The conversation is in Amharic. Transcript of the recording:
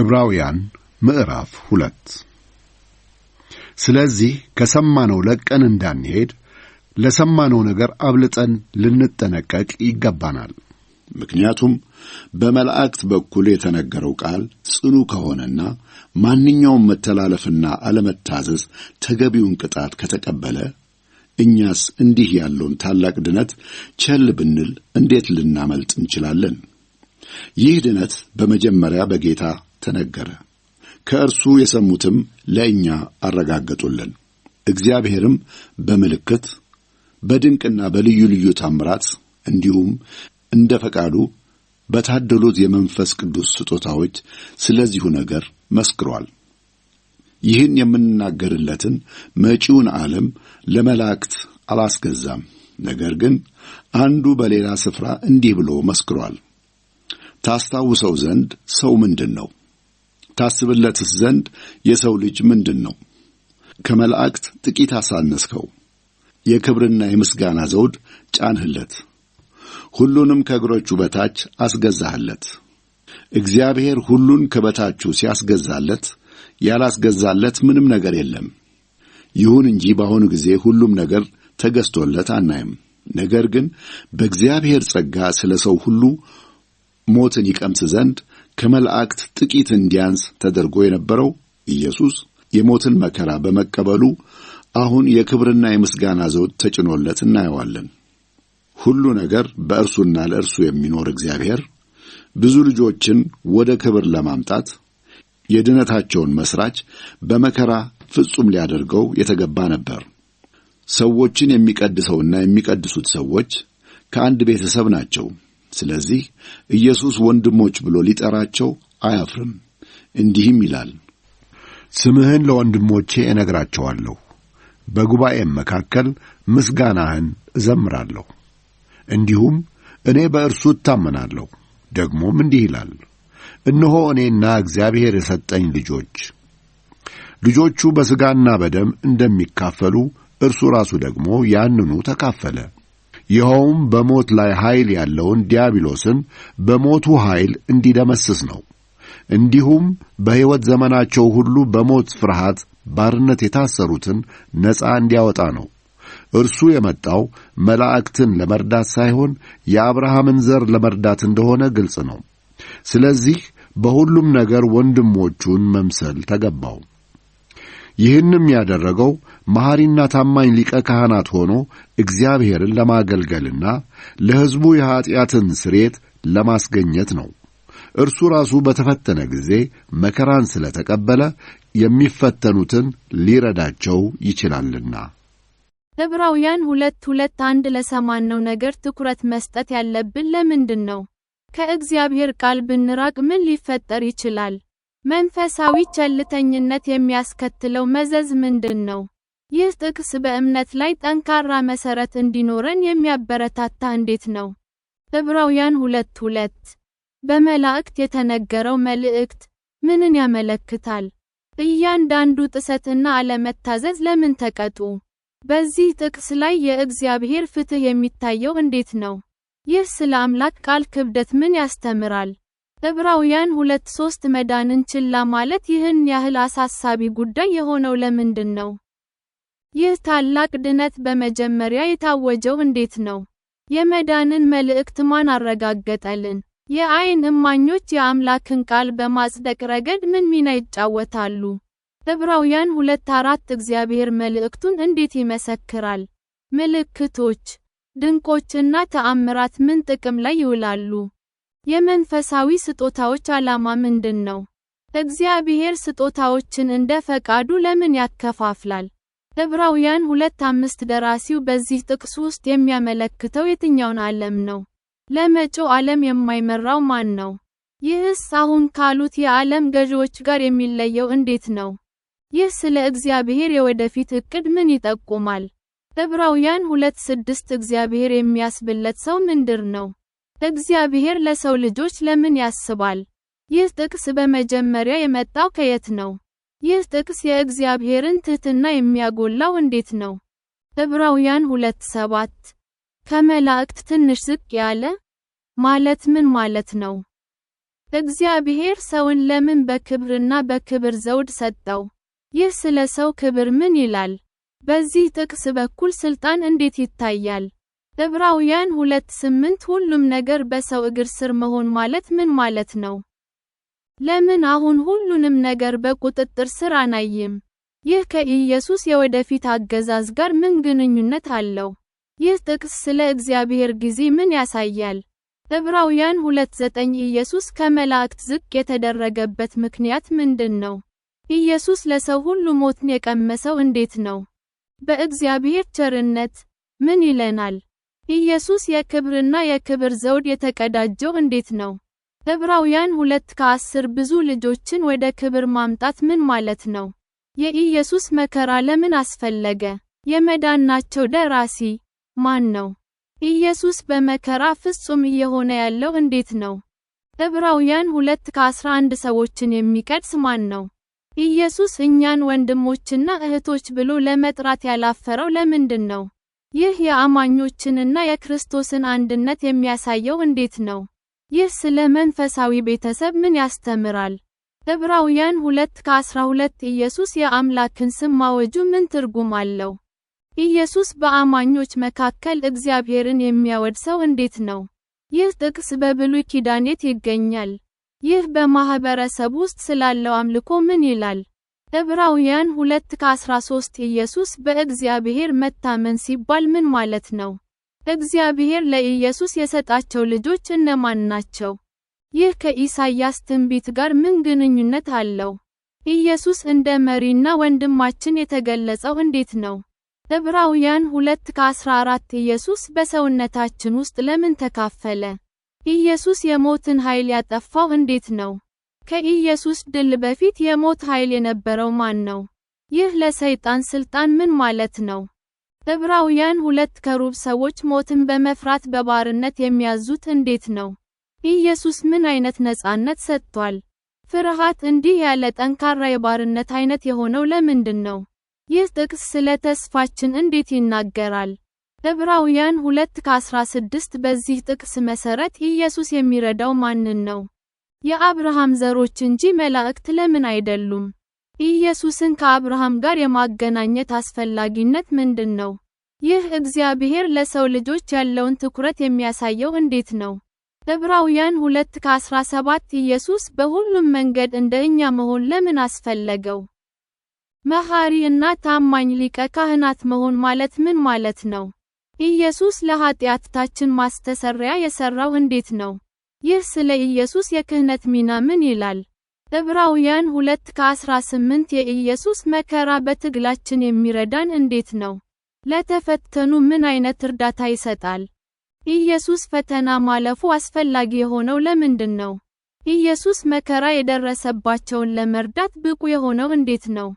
ዕብራውያን ምዕራፍ ሁለት ስለዚህ ከሰማነው ለቀን እንዳንሄድ ለሰማነው ነገር አብልጠን ልንጠነቀቅ ይገባናል። ምክንያቱም በመላእክት በኩል የተነገረው ቃል ጽኑ ከሆነና ማንኛውም መተላለፍና አለመታዘዝ ተገቢውን ቅጣት ከተቀበለ እኛስ እንዲህ ያለውን ታላቅ ድነት ቸል ብንል እንዴት ልናመልጥ እንችላለን? ይህ ድነት በመጀመሪያ በጌታ ተነገረ። ከእርሱ የሰሙትም ለእኛ አረጋገጡልን። እግዚአብሔርም በምልክት በድንቅና በልዩ ልዩ ታምራት እንዲሁም እንደ ፈቃዱ በታደሉት የመንፈስ ቅዱስ ስጦታዎች ስለዚሁ ነገር መስክሯል። ይህን የምንናገርለትን መጪውን ዓለም ለመላእክት አላስገዛም። ነገር ግን አንዱ በሌላ ስፍራ እንዲህ ብሎ መስክሯል። ታስታውሰው ዘንድ ሰው ምንድን ነው? ታስብለትስ ዘንድ የሰው ልጅ ምንድን ነው? ከመላእክት ጥቂት አሳነስከው። የክብርና የምስጋና ዘውድ ጫንህለት፣ ሁሉንም ከእግሮቹ በታች አስገዛህለት። እግዚአብሔር ሁሉን ከበታችሁ ሲያስገዛለት ያላስገዛለት ምንም ነገር የለም። ይሁን እንጂ በአሁኑ ጊዜ ሁሉም ነገር ተገዝቶለት አናይም። ነገር ግን በእግዚአብሔር ጸጋ ስለ ሰው ሁሉ ሞትን ይቀምስ ዘንድ ከመላእክት ጥቂት እንዲያንስ ተደርጎ የነበረው ኢየሱስ የሞትን መከራ በመቀበሉ አሁን የክብርና የምስጋና ዘውድ ተጭኖለት እናየዋለን። ሁሉ ነገር በእርሱና ለእርሱ የሚኖር እግዚአብሔር ብዙ ልጆችን ወደ ክብር ለማምጣት የድነታቸውን መስራች በመከራ ፍጹም ሊያደርገው የተገባ ነበር። ሰዎችን የሚቀድሰውና የሚቀድሱት ሰዎች ከአንድ ቤተሰብ ናቸው። ስለዚህ ኢየሱስ ወንድሞች ብሎ ሊጠራቸው አያፍርም። እንዲህም ይላል፣ ስምህን ለወንድሞቼ እነግራቸዋለሁ፣ በጉባኤም መካከል ምስጋናህን እዘምራለሁ። እንዲሁም እኔ በእርሱ እታመናለሁ። ደግሞም እንዲህ ይላል፣ እነሆ እኔና እግዚአብሔር የሰጠኝ ልጆች ልጆቹ በሥጋና በደም እንደሚካፈሉ እርሱ ራሱ ደግሞ ያንኑ ተካፈለ። ይኸውም በሞት ላይ ኃይል ያለውን ዲያብሎስን በሞቱ ኃይል እንዲደመስስ ነው። እንዲሁም በሕይወት ዘመናቸው ሁሉ በሞት ፍርሃት ባርነት የታሰሩትን ነፃ እንዲያወጣ ነው። እርሱ የመጣው መላእክትን ለመርዳት ሳይሆን የአብርሃምን ዘር ለመርዳት እንደሆነ ግልጽ ነው። ስለዚህ በሁሉም ነገር ወንድሞቹን መምሰል ተገባው። ይህንም ያደረገው መሐሪና ታማኝ ሊቀ ካህናት ሆኖ እግዚአብሔርን ለማገልገልና ለሕዝቡ የኀጢአትን ስርየት ለማስገኘት ነው። እርሱ ራሱ በተፈተነ ጊዜ መከራን ስለ ተቀበለ የሚፈተኑትን ሊረዳቸው ይችላልና። ዕብራውያን ሁለት ሁለት አንድ ለሰማነው ነገር ትኩረት መስጠት ያለብን ለምንድን ነው? ከእግዚአብሔር ቃል ብንራቅ ምን ሊፈጠር ይችላል? መንፈሳዊ ቸልተኝነት የሚያስከትለው መዘዝ ምንድን ነው? ይህ ጥቅስ በእምነት ላይ ጠንካራ መሰረት እንዲኖረን የሚያበረታታ እንዴት ነው? ዕብራውያን 2:2 በመላእክት የተነገረው መልእክት ምንን ያመለክታል? እያንዳንዱ ጥሰትና አለመታዘዝ ለምን ተቀጡ? በዚህ ጥቅስ ላይ የእግዚአብሔር ፍትህ የሚታየው እንዴት ነው? ይህ ስለ አምላክ ቃል ክብደት ምን ያስተምራል? ዕብራውያን ሁለት ሶስት መዳንን ችላ ማለት ይህን ያህል አሳሳቢ ጉዳይ የሆነው ለምንድን ነው? ይህ ታላቅ ድነት በመጀመሪያ የታወጀው እንዴት ነው? የመዳንን መልእክት ማን አረጋገጠልን? የአይን እማኞች የአምላክን ቃል በማጽደቅ ረገድ ምን ሚና ይጫወታሉ? ዕብራውያን ሁለት አራት እግዚአብሔር መልእክቱን እንዴት ይመሰክራል? ምልክቶች፣ ድንቆችና ተአምራት ምን ጥቅም ላይ ይውላሉ? የመንፈሳዊ ስጦታዎች ዓላማ ምንድን ነው? እግዚአብሔር ስጦታዎችን እንደ ፈቃዱ ለምን ያከፋፍላል? ዕብራውያን 2:5 ደራሲው በዚህ ጥቅስ ውስጥ የሚያመለክተው የትኛውን ዓለም ነው? ለመጪው ዓለም የማይመራው ማን ነው? ይህስ አሁን ካሉት የዓለም ገዢዎች ጋር የሚለየው እንዴት ነው? ይህ ስለ እግዚአብሔር የወደፊት ዕቅድ ምን ይጠቁማል? ዕብራውያን 2:6 እግዚአብሔር የሚያስብለት ሰው ምንድር ነው? እግዚአብሔር ለሰው ልጆች ለምን ያስባል? ይህ ጥቅስ በመጀመሪያ የመጣው ከየት ነው? ይህ ጥቅስ የእግዚአብሔርን ትህትና የሚያጎላው እንዴት ነው? ዕብራውያን 2:7 ከመላእክት ትንሽ ዝቅ ያለ ማለት ምን ማለት ነው? እግዚአብሔር ሰውን ለምን በክብርና በክብር ዘውድ ሰጠው? ይህ ስለ ሰው ክብር ምን ይላል? በዚህ ጥቅስ በኩል ስልጣን እንዴት ይታያል? ዕብራውያን ሁለት ስምንት ሁሉም ነገር በሰው እግር ስር መሆን ማለት ምን ማለት ነው? ለምን አሁን ሁሉንም ነገር በቁጥጥር ስር አናይም? ይህ ከኢየሱስ የወደፊት አገዛዝ ጋር ምን ግንኙነት አለው? ይህ ጥቅስ ስለ እግዚአብሔር ጊዜ ምን ያሳያል? ዕብራውያን 2:9 ኢየሱስ ከመላእክት ዝቅ የተደረገበት ምክንያት ምንድን ነው? ኢየሱስ ለሰው ሁሉ ሞትን የቀመሰው እንዴት ነው? በእግዚአብሔር ቸርነት ምን ይለናል? ኢየሱስ የክብርና የክብር ዘውድ የተቀዳጀው እንዴት ነው? ዕብራውያን ሁለት 10 ብዙ ልጆችን ወደ ክብር ማምጣት ምን ማለት ነው? የኢየሱስ መከራ ለምን አስፈለገ? የመዳናቸው ደራሲ ማን ነው? ኢየሱስ በመከራ ፍጹም እየሆነ ያለው እንዴት ነው? ዕብራውያን ሁለት ከ11 ሰዎችን የሚቀድስ ማን ነው? ኢየሱስ እኛን ወንድሞችና እህቶች ብሎ ለመጥራት ያላፈረው ለምንድን ነው? ይህ የአማኞችንና የክርስቶስን አንድነት የሚያሳየው እንዴት ነው? ይህ ስለ መንፈሳዊ ቤተሰብ ምን ያስተምራል? ዕብራውያን 2 ከ12 ኢየሱስ የአምላክን ስም ማወጁ ምን ትርጉም አለው? ኢየሱስ በአማኞች መካከል እግዚአብሔርን የሚያወድ ሰው እንዴት ነው? ይህ ጥቅስ በብሉይ ኪዳን የት ይገኛል? ይህ በማኅበረሰብ ውስጥ ስላለው አምልኮ ምን ይላል? ዕብራውያን 2 ከ13 ኢየሱስ በእግዚአብሔር መታመን ሲባል ምን ማለት ነው? እግዚአብሔር ለኢየሱስ የሰጣቸው ልጆች እነማን ናቸው? ይህ ከኢሳይያስ ትንቢት ጋር ምን ግንኙነት አለው? ኢየሱስ እንደ መሪና ወንድማችን የተገለጸው እንዴት ነው? ዕብራውያን 2 ከ14 ኢየሱስ በሰውነታችን ውስጥ ለምን ተካፈለ? ኢየሱስ የሞትን ኃይል ያጠፋው እንዴት ነው? ከኢየሱስ ድል በፊት የሞት ኃይል የነበረው ማን ነው? ይህ ለሰይጣን ስልጣን ምን ማለት ነው? ዕብራውያን ሁለት ከሩብ ሰዎች ሞትን በመፍራት በባርነት የሚያዙት እንዴት ነው? ኢየሱስ ምን አይነት ነፃነት ሰጥቷል? ፍርሃት እንዲህ ያለ ጠንካራ የባርነት አይነት የሆነው ለምንድን ነው? ይህ ጥቅስ ስለ ተስፋችን እንዴት ይናገራል? ዕብራውያን 2:16 ከ16 በዚህ ጥቅስ መሠረት ኢየሱስ የሚረዳው ማንን ነው? የአብርሃም ዘሮች እንጂ መላእክት ለምን አይደሉም? ኢየሱስን ከአብርሃም ጋር የማገናኘት አስፈላጊነት ምንድን ነው? ይህ እግዚአብሔር ለሰው ልጆች ያለውን ትኩረት የሚያሳየው እንዴት ነው? ዕብራውያን 2 ከ17 ኢየሱስ በሁሉም መንገድ እንደ እኛ መሆን ለምን አስፈለገው? መሐሪ እና ታማኝ ሊቀ ካህናት መሆን ማለት ምን ማለት ነው? ኢየሱስ ለኃጢአታችን ማስተሰሪያ የሠራው እንዴት ነው? ይህ ስለ ኢየሱስ የክህነት ሚና ምን ይላል? ዕብራውያን 2 ከ18 የኢየሱስ መከራ በትግላችን የሚረዳን እንዴት ነው? ለተፈተኑ ምን አይነት እርዳታ ይሰጣል? ኢየሱስ ፈተና ማለፉ አስፈላጊ የሆነው ለምንድን ነው? ኢየሱስ መከራ የደረሰባቸውን ለመርዳት ብቁ የሆነው እንዴት ነው?